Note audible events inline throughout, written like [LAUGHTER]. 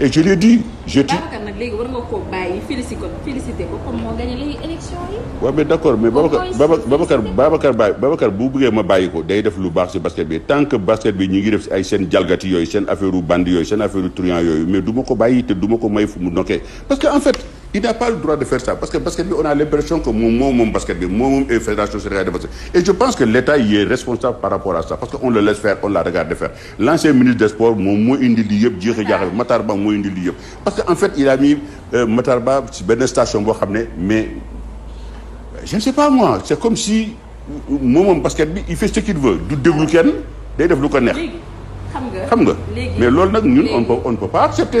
et je l'ai dit je dis. Babacar nag mais d' accord mais Babacar Babacar bu bëggee ma bàyyi ko day def lu baax si basket bi tant que basket bi ñu ngi def si ay seen jalgati yooyu seen affaire u band yooyu seen affaire u yooyu mais du ma ko bàyyi te duma ko may fu mu nokkee parce que en fait. il n'a pas droit de faire ça parce que basket bi on a l'impression que moom moom moom basket bi moom moom fédération sénégalaise de basket et je pense que l'État y responsable par rapport à ça parce que on le laisse faire on la regarde faire l'ancien ministre des moom moo indi lii yëpp jeexe jaaxe Matar Ba moo indi lii yëpp parce que en fait il a mis euh, Matar Ba ci benn station boo xam ne mais je ne sais pas moi c'est comme si moom moom basket bi il fait déglu kenn day def lu ko neex xam nga mais loolu nag ñun on peut on ne peut pas accepter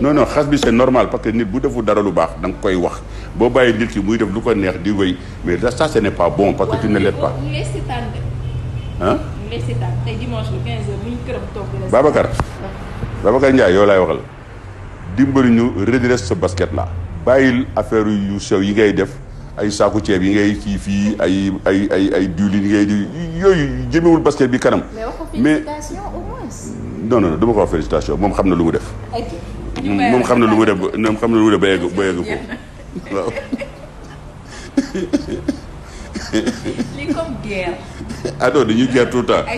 noonu non xas bi c'est normal parce que nit bu defu dara lu baax da koy wax boo bàyyi nit ki muy def lu ko neex di wéy mais ça ce n'est pas bon parce que tu ne l'es pas. ah. Babacar. Babacar Ndiaye yow laay waxal dimbali ñu redresse sa basket la bàyyil affaire yu sew yi ngay def ay saaku ceeb yi ngay kii fii ay ay ay ay diwlin yi ngay di yooyu jëmewul basket bi kanam. mais non non duma ko wax félicitation moom xam na lu mu def. moom xam na lu mu def xam lu mu ba yegg ba yegg foofu [LAUGHS] waaw. li comme guerre. ah [LAUGHS] non dañuy guerre tout